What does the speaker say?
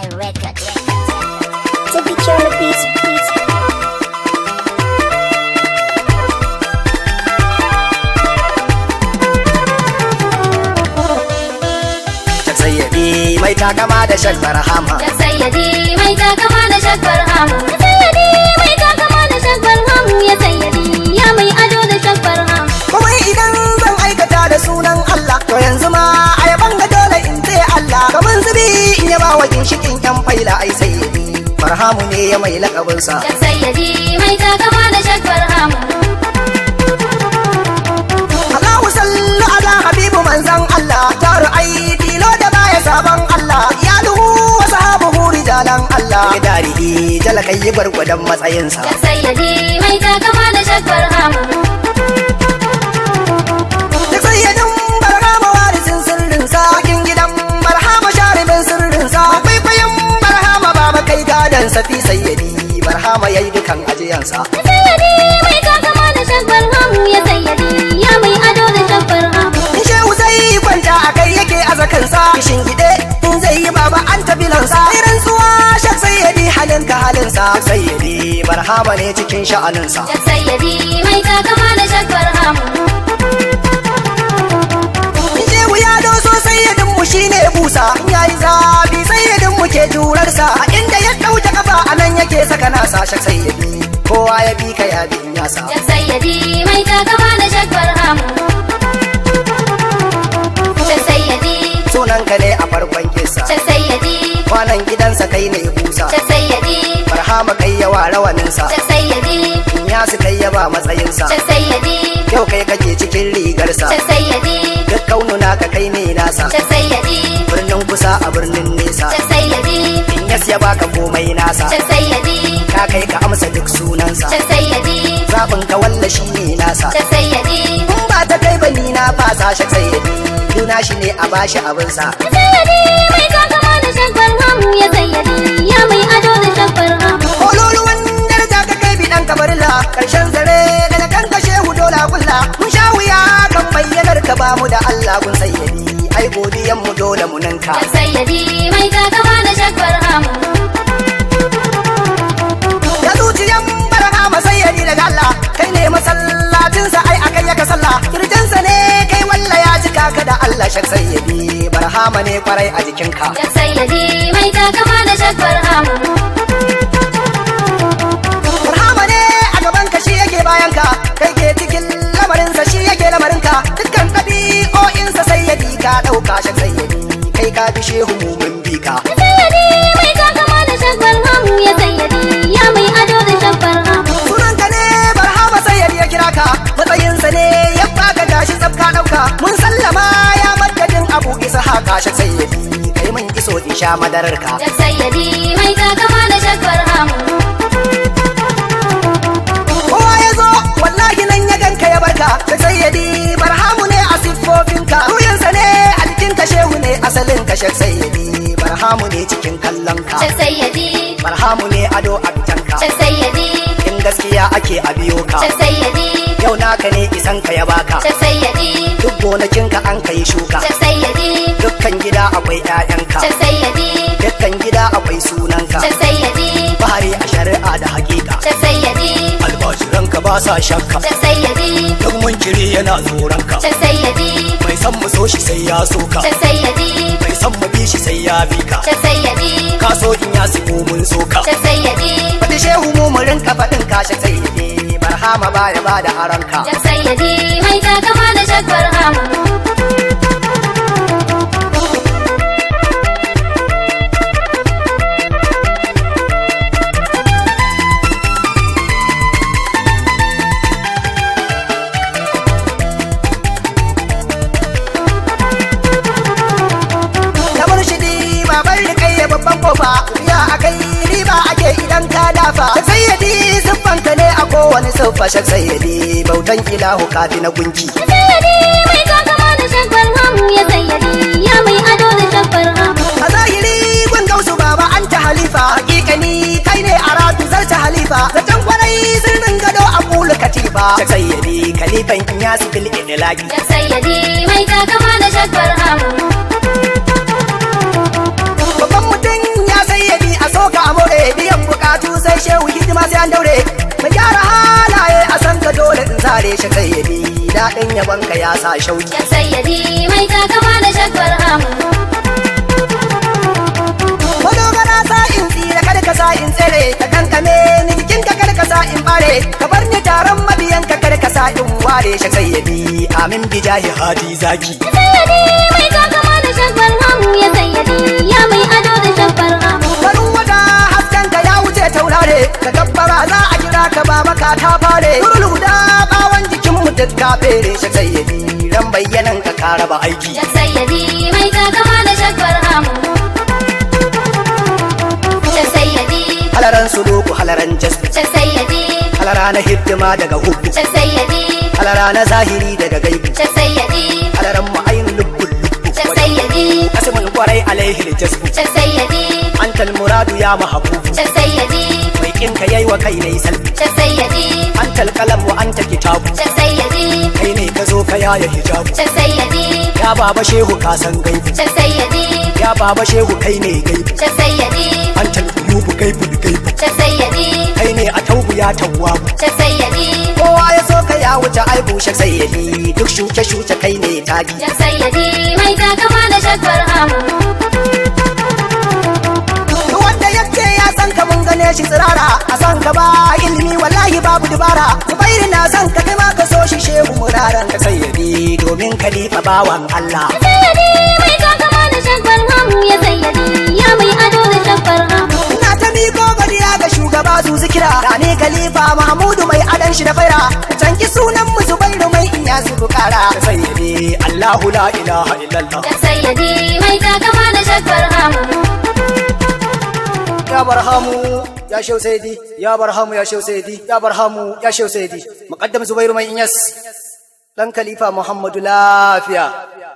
To be Charlie Mai takama da shakbar hama. Sayyadi mai takama da hama. da shakbar hama. Ya sayyadi ya mai ado da shakbar hama. Kuma idan zan aikata da sunan hamu ne ya mai lakabinsa Shak sayyadi mai takama da shak barhamu Allahu sallu ala habibu manzan Allah taru ai tilo da baya sabon Allah ya duhu wa sahabu rijalan Allah ya darihi barkudan gwargwadon matsayinsa Shak sayyadi mai takama da shak barhamu wajen safi sayyadi barhama yayi dukan ajiyansa sayyadi mai kakama da shagbar hamu ya sayyadi ya mai ado da shagbar hamu shehu zai kwanta a kai yake a zakansa kishin gide in zai yi baba an tabilansa irin zuwa shak sayyadi halinka halinsa sayyadi barhama ne cikin sha'aninsa Ya sayyadi mai kakama da shagbar hamu shehu ya doso sayyadin mu shine kusa yayi zabi sayyidin mu ke jurarsa inda ya dauke kafa anan yake saka nasa shak sayyidi kowa ya bi ka ya bin ya sa sayyidi mai ta gaba da shakbar hamu shak sayyidi sunan ka ne a farkon kisa shak sayyidi kwanan gidansa kai ne kusa shak sayyidi farhama kai yawa rawaninsa shak sayyidi ya su kai ya matsayin matsayinsa shak sayyidi yau kai kake cikin rigarsa shak sayyidi duk kaununa ka kai ne nasa shak a birnin nesa can sai ya in yas ya baka komai nasa can sai ya ka kai ka amsa duk sunansa can sai ya bi ka walla shi ne nasa can sai kun ba ta kai ba ni na fasa shi sai ya duna shi ne a bashi abinsa can sai mai kakama da shagwar hamu ya sai ya ya mai ado da shagwar hamu kololuwan za ka kai bi dan kabarla karshen zare daga kan kashe hudola kulla mun sha wuya kan bayyanar ka ba mu da Allah kun sai ai godiyan mu dole mu ninka sayyadi mai kama da shakbar hamu da zuciyan barhama sayyadi daga Allah kai ne masallacinsa ai akan yaka sallah kirjinsa ne kai walla ya jika ka da Allah shak sayyadi barhama ne kwarai a jikinka sayyadi mai kama da shakbar hamu barhama ne a gaban ka shi yake bayan ka ka bi shehu mu sayyadi mai kakama da shabbar hamu ya sayyadi ya mai ado da shabbar hamu sunanka ne barhama sayyadi ya kira ka matsayinsa ne ya baka tashi tsafka ɗauka. mun sallama ya madadin abu isa haka shak sayyadi kai mun iso in sha madarar ka shak sayyadi mai kakama da shabbar hamu kowa ya zo wallahi nan ya ganka ya barka Marhamu ne cikin kallon ka can sayyadi barhamu ne ado a bitanka ka sayyadi in gaskiya ake a biyo ka can sayyadi yau naka ne isan ka ya baka can sayyadi duk gonakin ka an kai shuka can sayyadi dukkan gida akwai ƴaƴanka sayyadi dukkan gida akwai sunanka. ka can sayyadi bahari a shari'a da haƙi ba sa shakka can sayyadi duk munkiri yana tsoron ka can sayyadi mai san mu so shi sai ya so ka can sayyadi mai san mu bi shi sai ya bi ka can sayyadi ka so in ya siko mun so ka can sayyadi fadi shehu mu mu rinka fadin ka can sayyadi marhama ba ya ba da aranka can sayyadi A kai riba ake idan ka dafa sayyadi siffan ka ne a kowane siffa shak sayyadi bautan ilahu kafi na gunki sayyadi mai kakama da shakbar hamu ya sayyadi ya mai ado da shakbar hamu a zahiri gun gausu baba an ta halifa hakikani kai ne a ratu zarta halifa zaton kwarai dinga do a kula katifa shak sayyadi kalifan in ya su bil idilaki shak sayyadi mai kakama da shakbar hamu dan daure mu gyara halaye a san ka dole in zare shi kai yabi daɗin yabon ka ya sa shauki ya sayyadi mai takama da shakwar hamu madogara sa in tsira kada ka sa in tsere ka kankame ni jikin ka kada ka sa in bare ka bar ni taron mabiyan ka kada ka sa in ware shi sayyadi amin bijahi hadi zaki sayyadi mai takama da shakwar hamu ya sayyadi saurare ka gabbara za a kira ka ba maka ta fare turulu da bawan jikin mu duk ka fere shi sayyidi ran bayyanan ka ka raba aiki ya sayyidi mai takama da shakbar hamu ya sayyidi halaran sudoku halaran jasbi ya sayyidi halara na hidima daga hubu ya sayyidi halara na zahiri daga gaibi ya sayyidi halaran mu ayin lubbul lubbu ya sayyidi asmul kwarai alaihi jasbu ya sayyidi antal muradu ya mahabubu ya sayyidi haƙƙin ka yayi wa kai ne sal shan sayyadi an kalkalam wa anta kitabu shan sayyadi kai ne ka zo ka yaya hijabu shan sayyadi ya baba shehu ka san gaibu shan sayyadi ya baba shehu kai ne gaibu shan sayyadi antal ku gaibu gaibu shan sayyadi kai ne a taubu ya tawwabu shan sayyadi kowa ya so ka ya wuce aibu shan sayyadi duk shuke shuke kai ne tabi shan sayyadi mai takama da shakwar amu shi tsirara a san ka ba ilimi wallahi babu dubara zubairu na san ka kai ma ka so shi shehu muraran ka sayyabi domin kalifa bawan Allah sayyabi mai ka kama da shagbar hamu ya sayyabi ya mai ado da shagbar hamu na ta miko godiya ga shugaba su zikira ne kalifa mahmudu mai adan shi da faira canki sunan mu zubairu mai iya su bukara ka sayyabi Allahu la ilaha illallah ka sayyabi mai ka kama da shagbar hamu ya barhamu يا شيخ سيدي يا برهام يا شيخ سيدي يا برهام يا شيخ سيدي مقدم زبير من إنيس لن خليفة محمد لافيا